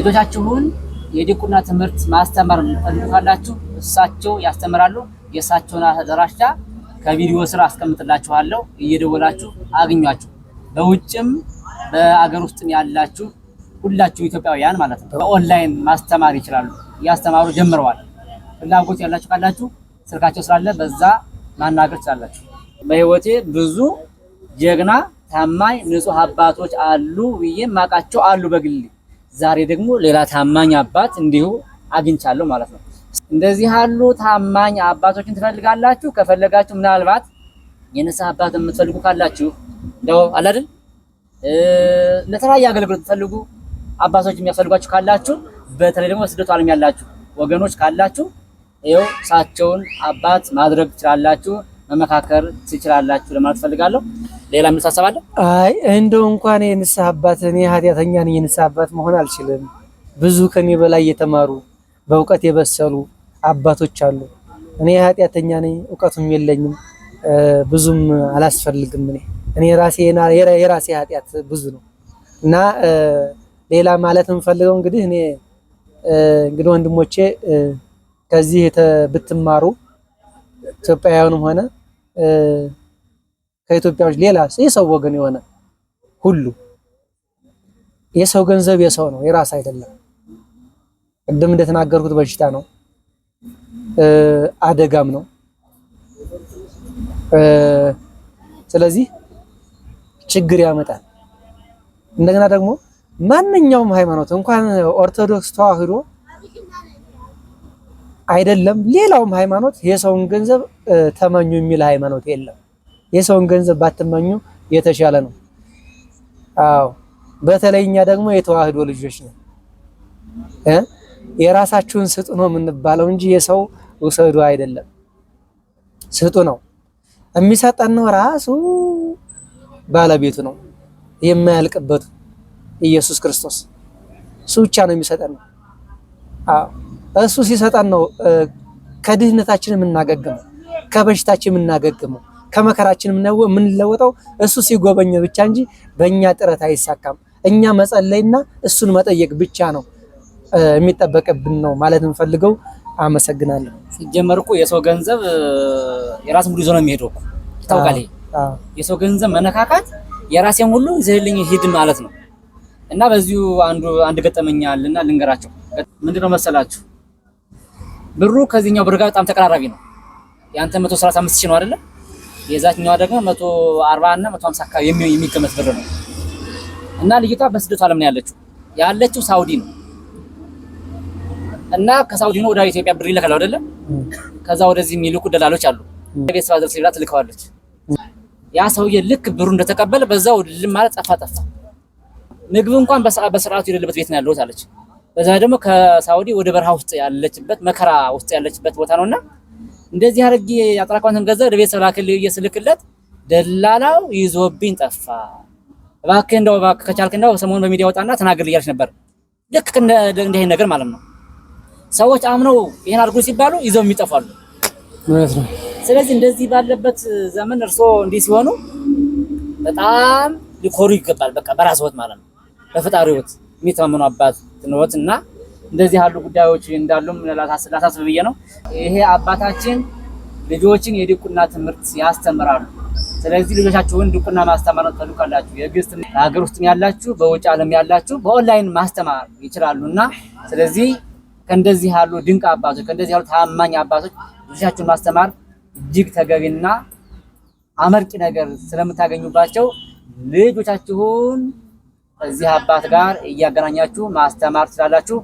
ልጆቻችሁን የዲቁና ትምህርት ማስተማር የምትፈልጉ ካላችሁ እሳቸው ያስተምራሉ። የእሳቸውን አድራሻ ከቪዲዮ ስር አስቀምጥላችኋለሁ። እየደወላችሁ አግኟቸው። በውጭም በአገር ውስጥም ያላችሁ ሁላችሁ ኢትዮጵያውያን ማለት ነው በኦንላይን ማስተማር ይችላሉ። እያስተማሩ ጀምረዋል። ፍላጎት ያላችሁ ካላችሁ ስልካቸው ስላለ በዛ ማናገር ትችላላችሁ። በህይወቴ ብዙ ጀግና ታማኝ ንጹህ አባቶች አሉ ብዬ ማቃቸው አሉ በግሌ ዛሬ ደግሞ ሌላ ታማኝ አባት እንዲሁ አግኝቻለሁ ማለት ነው። እንደዚህ ያሉ ታማኝ አባቶችን ትፈልጋላችሁ። ከፈለጋችሁ ምናልባት የነሳ አባት የምትፈልጉ ካላችሁ እንደው አለ አይደል ለተለያየ አገልግሎት የምትፈልጉ አባቶች የሚያስፈልጓችሁ ካላችሁ፣ በተለይ ደግሞ ስደቱ ዓለም ያላችሁ ወገኖች ካላችሁ ይኸው እሳቸውን አባት ማድረግ ትችላላችሁ፣ መመካከር ትችላላችሁ ለማለት ፈልጋለሁ። ሌላ የምልህ አለ? አይ እንደው እንኳን የንስሐ አባት እኔ ኃጢአተኛ ነኝ፣ የንስሐ አባት መሆን አልችልም። ብዙ ከኔ በላይ የተማሩ በእውቀት የበሰሉ አባቶች አሉ። እኔ ኃጢአተኛ ነኝ፣ እውቀቱም የለኝም፣ ብዙም አላስፈልግም። እኔ እኔ ራሴ የራሴ ኃጢአት ብዙ ነው እና ሌላ ማለት የምፈልገው እንግዲህ እኔ እንግዲህ ወንድሞቼ ከዚህ ብትማሩ ኢትዮጵያውያኑም ሆነ ከኢትዮጵያዎች ሌላ የሰው ወገን የሆነ ሁሉ የሰው ገንዘብ የሰው ነው፣ የራስ አይደለም። ቅድም እንደተናገርኩት በሽታ ነው፣ አደጋም ነው። ስለዚህ ችግር ያመጣል። እንደገና ደግሞ ማንኛውም ሃይማኖት እንኳን ኦርቶዶክስ ተዋህዶ አይደለም ሌላውም ሃይማኖት የሰውን ገንዘብ ተመኙ የሚል ሃይማኖት የለም። የሰውን ገንዘብ ባትመኙ የተሻለ ነው። አዎ በተለይ እኛ ደግሞ የተዋህዶ ልጆች ነው እ የራሳችሁን ስጡ ነው የምንባለው እንጂ የሰው ውሰዱ አይደለም። ስጡ ነው የሚሰጠን ነው ራሱ ባለቤቱ ነው የማያልቅበት ኢየሱስ ክርስቶስ እሱ ብቻ ነው የሚሰጠን ነው። አዎ እሱ ሲሰጠን ነው ከድህነታችን የምናገግመው ከበሽታችን የምናገግመው ከመከራችን የምንለወጠው እሱ ሲጎበኘ ብቻ እንጂ በእኛ ጥረት አይሳካም። እኛ መጸለይና እሱን መጠየቅ ብቻ ነው የሚጠበቅብን ነው ማለት የምፈልገው። አመሰግናለሁ። ሲጀመር እኮ የሰው ገንዘብ የራስ ሙሉ ይዞ ነው የሚሄደው እኮ ታውቃለህ። የሰው ገንዘብ መነካካት የራሴን ሁሉ ይዘህልኝ ሂድ ማለት ነው። እና በዚሁ አንዱ አንድ ገጠመኛ አለና ልንገራቸው። ምንድነው መሰላችሁ ብሩ ከዚህኛው ብር ጋር በጣም ተቀራራቢ ነው። የአንተ 135 ሺህ ነው አይደለ? የዛችኛዋ ደግሞ መቶ እና 150 ሀምሳ አካባቢ የሚገመት ብር ነው እና ልጅቷ በስደት ዓለም ነው ያለችው ያለችው ሳውዲ ነው እና ከሳውዲ ነው ወደ ኢትዮጵያ ብር ይልካል አይደለም። ከዛ ወደዚህ የሚልኩ ደላሎች አሉ። ቤተሰብ አዘር ሲብላ ትልከዋለች። ያ ሰውዬ ልክ ብሩ እንደተቀበለ በዛው ልም ማለት ጠፋ ጠፋ። ምግብ እንኳን በስርዓቱ የሌለበት ቤት ነው ያለሁት አለች። በዛ ደግሞ ከሳውዲ ወደ በረሃ ውስጥ ያለችበት መከራ ውስጥ ያለችበት ቦታ ነውና እንደዚህ አድርጌ አጠራቀምኩትን ገንዘብ ለቤተሰብ ላክልህ ብዬ ስልክለት ደላላው ይዞብኝ ጠፋ። እባክህ እንደው እባክህ ከቻልክ እንደው ሰሞኑን በሚዲያ ወጣና ተናገር እያለች ነበር። ልክ እንዲህ ነገር ማለት ነው። ሰዎች አምነው ይሄን አድርጉ ሲባሉ ይዘው የሚጠፋሉ። ስለዚህ እንደዚህ ባለበት ዘመን እርሶ እንዲህ ሲሆኑ በጣም ሊኮሩ ይገባል። በቃ በራስ ህይወት ማለት ነው፣ በፈጣሪ ህይወት የሚተማመኑ አባት ትኖት እና እንደዚህ ያሉ ጉዳዮች እንዳሉም ላሳስብ ብዬ ነው። ይሄ አባታችን ልጆችን የድቁና ትምህርት ያስተምራሉ። ስለዚህ ልጆቻችሁን ድቁና ማስተማር ነው ትፈልጋላችሁ፣ የግስት ሀገር ውስጥም ያላችሁ፣ በውጭ ዓለም ያላችሁ በኦንላይን ማስተማር ይችላሉ እና ስለዚህ ከእንደዚህ ያሉ ድንቅ አባቶች ከእንደዚህ ያሉ ታማኝ አባቶች ልጆቻችሁን ማስተማር እጅግ ተገቢና አመርቂ ነገር ስለምታገኙባቸው ልጆቻችሁን ከዚህ አባት ጋር እያገናኛችሁ ማስተማር ትችላላችሁ።